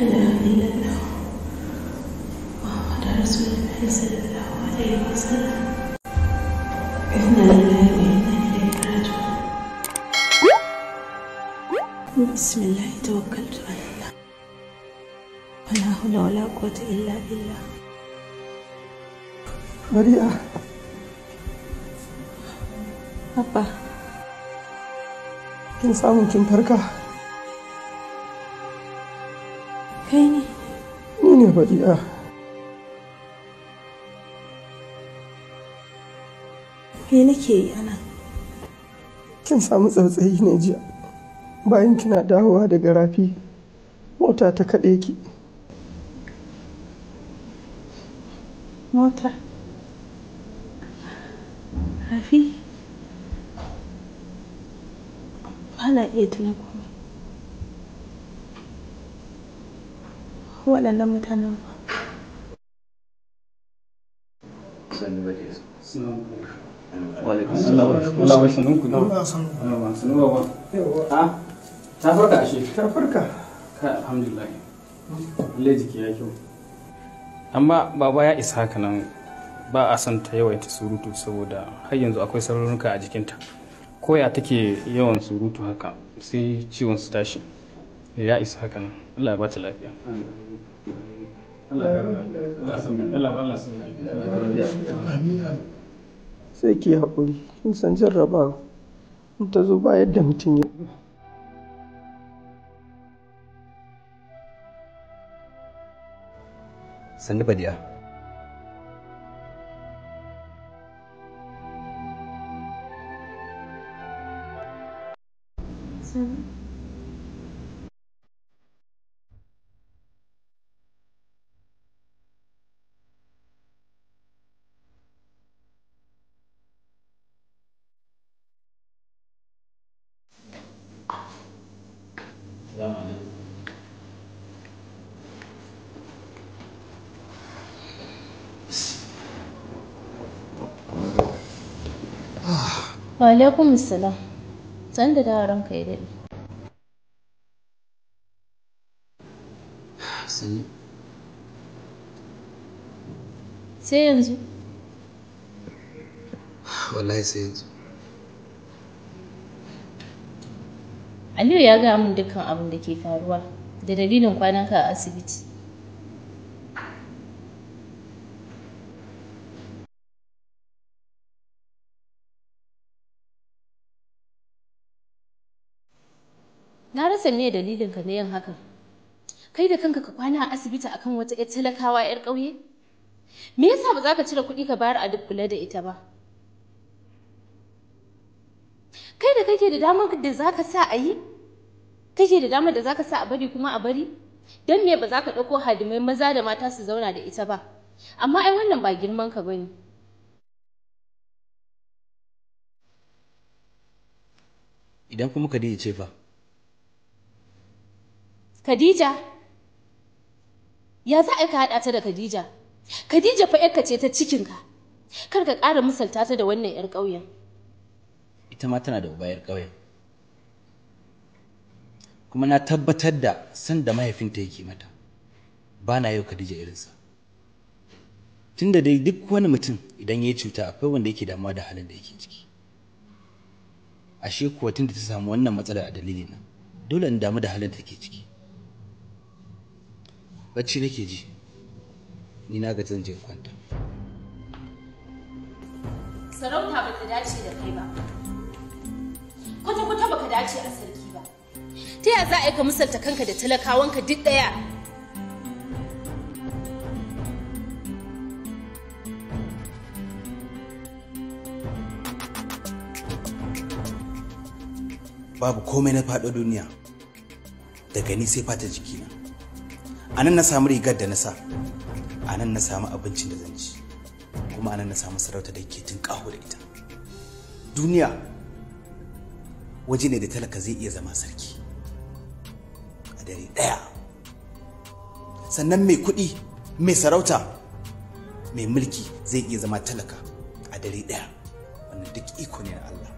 إله إلا الله رسول الله صلى الله عليه وسلم لله بسم الله توكلت على الله ولا حول ولا قوة إلا بالله مريئة أبا kin samun kin بركة ne badi'a ah. me nake yi ana kin samu tsautsayi ne jiya bayan kina dawowa daga rafi mota ta kaɗe ki mota rafi ba na iya tunakon ko waɗannan mutanen ba. ta farka ashe ya baba ya isa haka nan ba a son ta yawaita surutu saboda har yanzu akwai sararuka a jikinta koya take yawan surutu haka sai ciwon su tashi ya isa haka nan Allah ya ba ta lafiya sai ki haƙuri kin san jarrabawa in ta zo ba yadda mutum ya sannu badiya sannu Wa alaikum salam. San da ya daɗe. Sai yanzu? Wallahi sai yanzu. Aliyu ya gaya min dukkan abin da ke faruwa da dalilin kwananka a asibiti. rasa ne dalilinka na yin hakan. Kai da kanka ka kwana a asibiti akan wata ƴar talakawa ƴar ƙauye? Me yasa ba za ka cire kuɗi ka bayar a duk kula da ita ba? Kai da kake da damar da za ka sa a yi? Kake da damar da za ka sa a bari kuma a bari? Don me ba za ka ɗauko hadimai maza da mata su zauna da ita ba? Amma ai wannan ba girman ka bane. Idan kuma ka ce fa. Khadija ya za a ka haɗa ta da Khadija Khadija fa yarka ce ta cikinka kar ka ƙara misalta ta da wannan ƴar ƙauyen ita ma tana da uba ƴar ƙauyen kuma na tabbatar da san da mahaifinta yake mata ba na yau Khadija irinsa tunda dai duk wani mutum idan ya cuta akwai wanda yake damuwa da halin da yake ciki ashe kuwa tunda ta samu wannan matsala a dalilin nan dole in damu da halin da take ciki bacci nake ji ni na ga zan je kwanta sarauta ba ta dace da kai ba kwata kwata ba ka dace a sarki ba ta yaya za a yi ka misalta kanka da talakawanka duk daya babu komai na faɗo duniya daga ni sai fata jikina anan nan na samu rigar da na sa a nan na samu abincin da zan ci kuma a nan na samu sarauta da ke kaho da ita duniya waje ne da talaka zai iya zama sarki a dare ɗaya sannan mai kuɗi mai sarauta mai mulki zai iya zama talaka a dare ɗaya wannan duk iko ne na Allah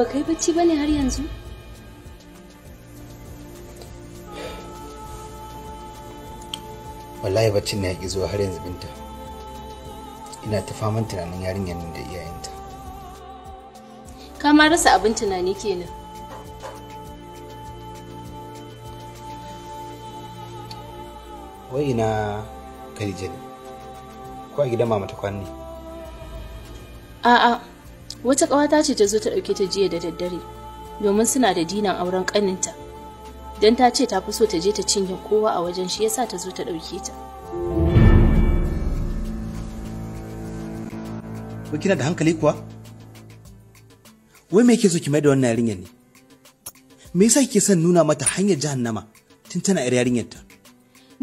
ba kai bacci Hari har yanzu wallahi baccin ne yaƙi zuwa har yanzu binta ina ta faman tunanin yarinyar nan da iyayenta ka ma rasa abin tunani kenan wai ina Khadija ne ko a gidan mama ta kwanne a'a wata ƙawata ce ta zo ta ɗauke ta jiya da daddare domin suna da dinan auren kaninta dan ta ce ta fi so ta je ta cinye kowa a wajen shi yasa ta zo ta ɗauke ta. Ko kina da hankali kuwa? Wai me yake so ki mai da wannan yarinyar ne? Me yasa kike son nuna mata hanyar jahannama tun tana yar yarinyar ta?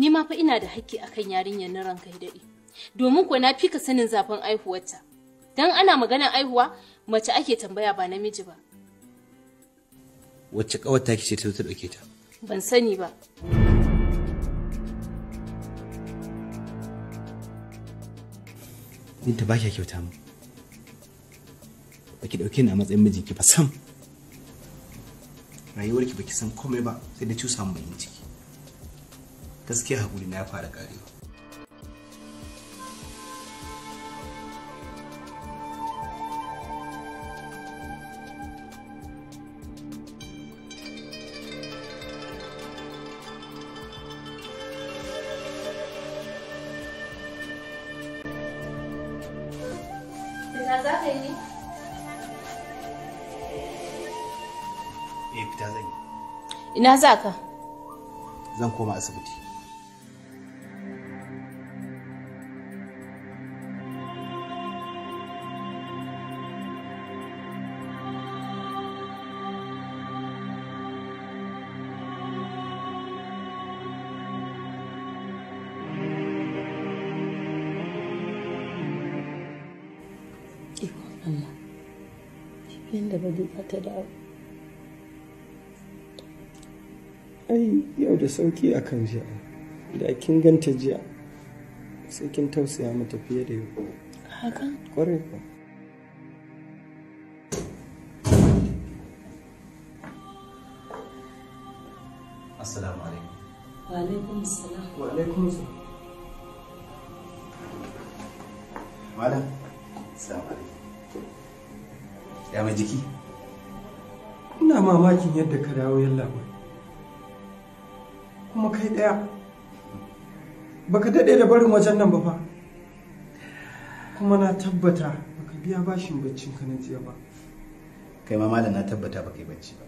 Ni ma fa ina da hakki akan yarinyar na ranka Domin kuwa na fika sanin zafin aihuwarta. dan ana maganan aihuwa mace ake tambaya ba namiji ba wacce kawar ta ce ta dauke ta ban sani ba Binta ba kya kyauta mu. Baki dauke ni a matsayin mijinki ba sam. Rayuwarki baki san komai ba sai da cusa mu bayin Gaskiya hakuri na ya fara karewa. Ina za ka? Zan koma asibiti. Ikon Allah, yadda ta da abu. yau da sauki a kan jiya da kin ganta jiya sai kin tausaya mata fiye da yau haka kwarai kuwa assalamu alaikum wa alaikum assalam wa alaikum assalam malam assalamu alaikum ya mai jiki ina mamakin yadda ka dawo yalla bai kuma kai ɗaya baka daɗe da barin wajen nan ba fa kuma na tabbata baka biya bashin baccin ka na jiya ba kai ma malam na tabbata baka yi bacci ba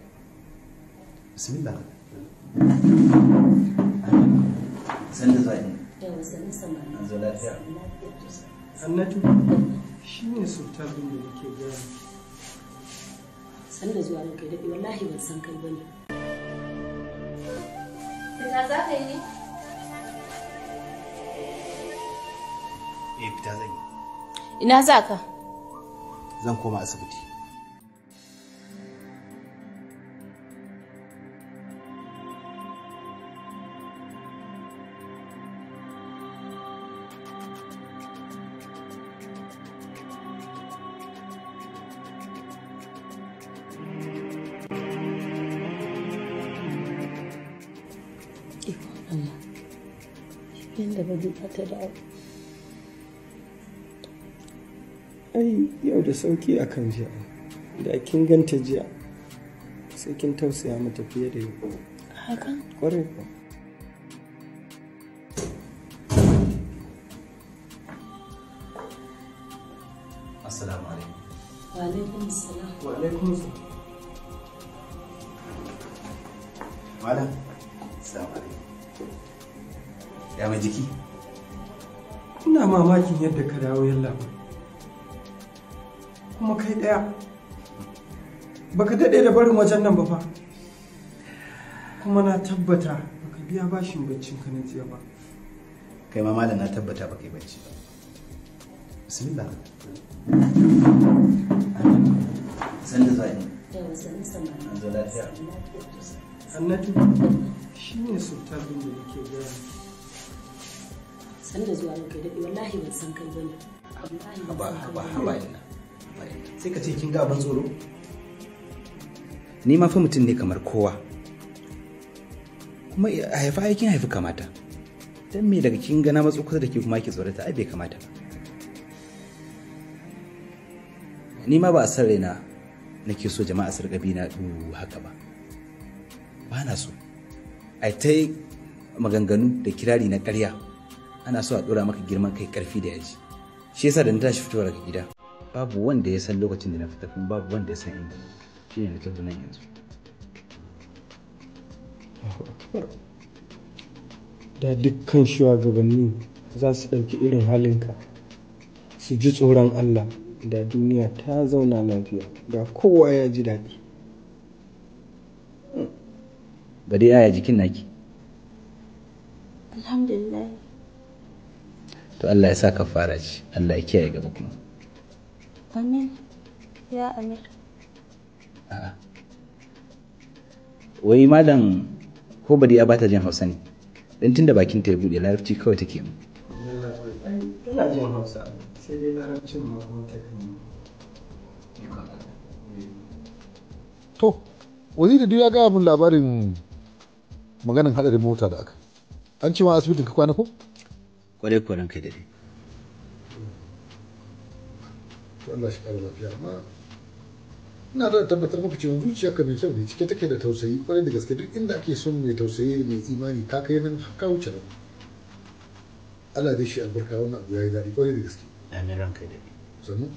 bismillah san da zai an zo lafiya annatu shi ne sultan da nake gani san da zuwa kai daɗe wallahi ban san kai bane Eh, fita Ina za ka? Zan koma asibiti. yadda ba ai yau da sauki a kan jiya da kin ganta jiya sai kin tausaya mata fiye da yau hakan kwarai ya mai jiki ina mamakin yadda ka dawo yalla kuma kai daya baka daɗe da barin wajen nan ba fa kuma na tabbata baka biya bashin baccin ka na jiya ba kai ma malam na tabbata baka yi bacci ba bismillah san da zai annatu shine sultan da nake gani san da zuwa ranka daɗe wallahi ban san kai bane ba ba ba ina sai ka ce kin ga ban tsoro ni ma fa mutum ne kamar kowa kuma a haifa aikin haifi kamata dan me daga kin ga na matso kusa da ke kuma ki tsorata ai bai kamata ba ni ma ba a san raina nake so jama'a su rigabi na ɗuru haka ba ba na so ai ta maganganu da kirari na ƙarya ana so a dora maka girman kai karfi da yaji shi yasa da na tashi fitowa daga gida babu wanda ya san lokacin da na fita kuma babu wanda ya san inda shi ne na tafi nan yanzu da dukkan shugabanni za su ɗauki irin halinka su ji tsoron Allah da duniya ta zauna lafiya ga kowa ya ji daɗi ba dai yaya jikin naki alhamdulillah to Allah ya sa ka fara ci Allah ya kiyaye gaba kuma amin ya amin wai malam ko bari ya bata jin hausa ne dan tunda bakin ta ya bude larabci kawai take mu tana jin hausa sai dai larabcin ma ta to waziri da ya gaya min labarin maganin hadarin mota da aka an ce ma asibitin ka kwana ko Kwarai kuwa ranka ya daɗe. To Allah shi ƙara lafiya amma ina da tabbatar maka cewa zuciyarka mai kyau ne cike take da tausayi kwarai da gaske duk inda ake son mai tausayi mai imani ta kai nan ka wuce nan. Allah dai shi albarka wannan abu yayi daɗi kwarai da gaske. Amin ranka ya daɗe. Sannu.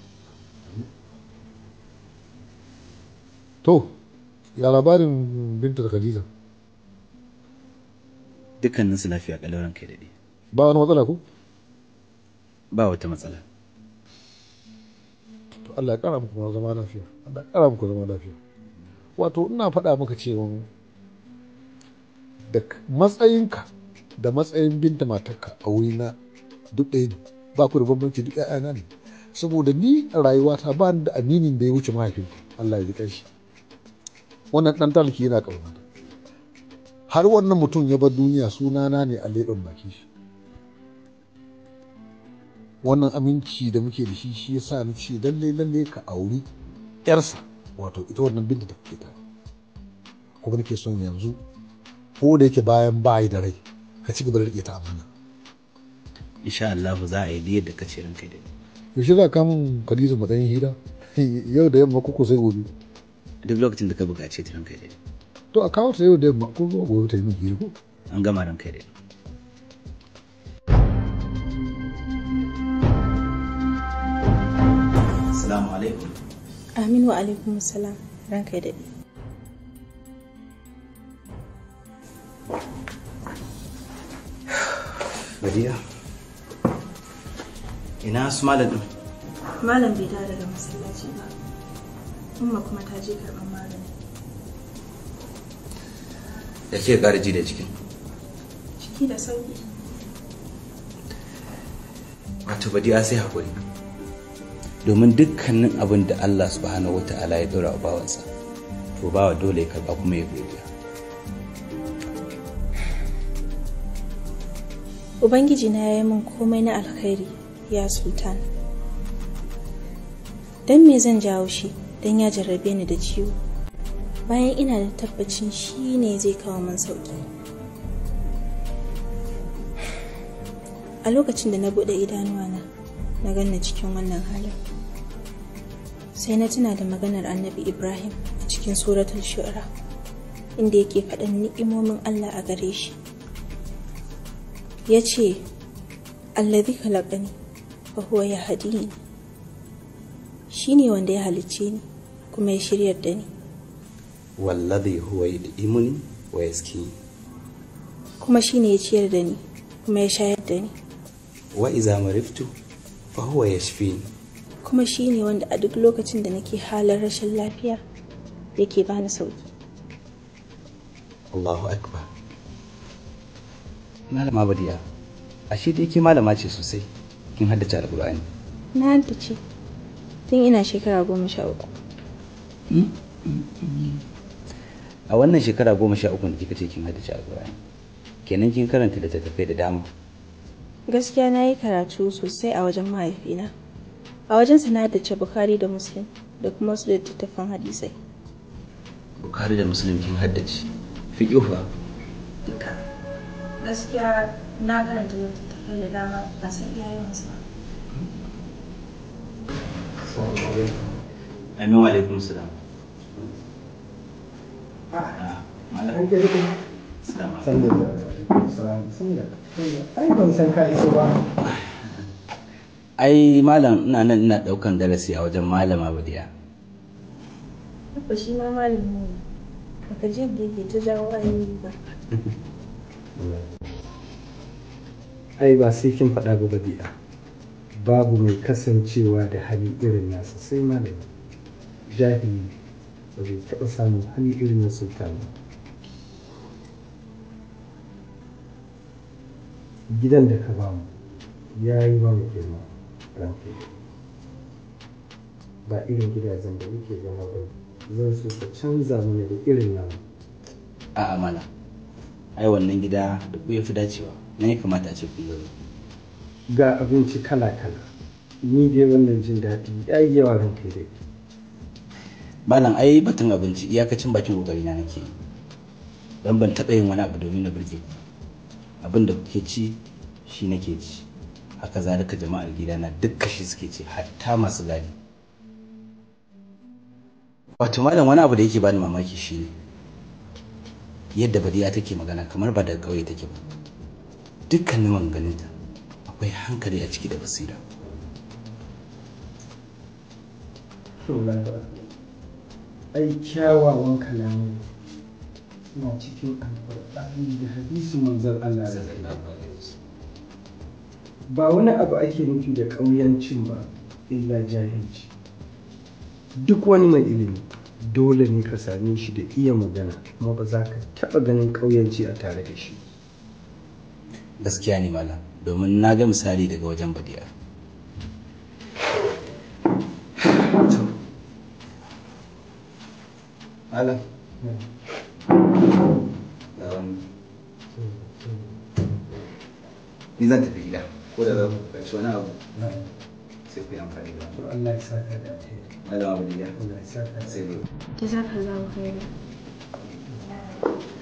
To, ya labarin Binta da Khadija? Dukkaninsu lafiya ƙalau ranka ya daɗe. ba wani matsala ko? ba wata matsala to Allah ya kara muku zama lafiya Allah ya kara muku zama lafiya wato ina faɗa maka cewa da matsayinka da matsayin binta matarka a wurina duk ɗaya ne ba ku da bambanci duk ɗaya ne saboda ni a rayuwata ba da aminin da ya wuce mahaifinka Allah ya ji kanshi wannan ɗan talaki yana ƙauna har wannan mutum ya bar duniya sunana ne a leɓen baki shi wannan aminci da muke da shi shi ya sa na ce lalle lalle ka auri yarsa wato ita wannan binta da kuke tare kuma nake son yanzu ko da yake bayan bayi da rai ka ci gaba da rike ta amana insha Allah za a yi da yadda ka ranka da yaushe za ka min Khadija matsayin hira yau da yamma kuku sai gobe duk lokacin da ka buƙace ta ranka da to a kawo ta yau da yamma ko gobe ta yi min hira ko an gama ranka da Assalamu alaikum. Aminu wa alaikum salam ranka da Badiya. Ina su malam Malam bai dawo daga masallaci ba. Umma kuma ta je karɓar magani. Ya ke ƙara ji da jikin Ciki da sauki. Wato Badiya sai haƙuri. domin dukkanin abin da Allah subhanahu wata'ala ya dora bawansa to bawa dole ya karba kuma ya godiya ubangiji na ya yi min komai na alkhairi ya sultan don me zan jawo shi don ya jarrabe ni da ciwo bayan ina da tabbacin shi ne zai kawo min sauki a lokacin da na buɗe idanuwa na ganna cikin wannan halin sai na tuna da maganar annabi ibrahim a cikin suratul shura inda yake faɗin ni'imomin allah a gare shi ya ce allazi khalaqani ba huwa Shi ne wanda ya halicce ni kuma ya shiryar da ni wallazi huwa yud'imuni wa yaskini kuma shi ne ya ciyar da ni kuma ya shayar da ni wa iza mariftu fa huwa ni. kuma shi ne wanda a duk lokacin da nake halar rashin lafiya yake bani sauki Allahu akbar malama badiya a shi dai ke malama ce sosai kin haddace alqur'ani na haddace tun ina shekara goma sha uku hmm? a wannan shekara goma sha uku da kika ce kin haddace alqur'ani kenan kin karanta littattafai da dama gaskiya na yi karatu sosai a wajen mahaifina a wajen na ce bukari da muslim da kuma wasu littattafan hadisai bukari da muslim kin haddace fiƙi fa duka gaskiya na karanta littattafai da dama ba san iyayensu ba Amin alaikum salam. Ai ban san ka so ba. Ai malam ina nan ina ɗaukan darasi a wajen malama Badiya. shi ma malami ne. Baka je gefe ta jawo ba. Ai ba sai kin faɗa ba Badiya. Babu mai kasancewa da hali irin nasa sai malami. Jahili ba zai taɓa samun hali irin na sultan Gidan da ka bamu ya yi ba mu girma. ranka ba irin gidajen da muke zama ba zan so ka canza mana da irin nan a'a mana ai wannan gida da ku ya fi dacewa na ya kamata a ce kun zo ga abinci kala kala ni dai wannan jin daɗi ya yi yawa kai dai malam ai batun abinci iyakacin bakin kokari na nake dan ban taɓa yin wani abu domin na burge abin da kuke ci shi nake ci haka zalika jama'ar gidana duk kashi suke ce hatta masu gadi wato malam wani abu da yake bani mamaki shi ne. yadda badiya take magana kamar ba da ƙauye take ba dukkanin maganganunta akwai hankali a ciki da basira ai kyawawan kalamu na cikin alƙur'ani da hadisin manzon Allah da ba wani abu ake nufi da ƙauyancin ba illa jahilci duk wani mai ilimi dole ne ka same shi da iya magana kuma ba za ka taɓa ganin ƙauyanci a tare da shi gaskiya ne malam domin na ga misali daga wajen badiya. malam um, ni zan tafi gida ko da za ku fahimci wani abu sai ku yi amfani da wani. Allah ya saka da ta Allah ya saka da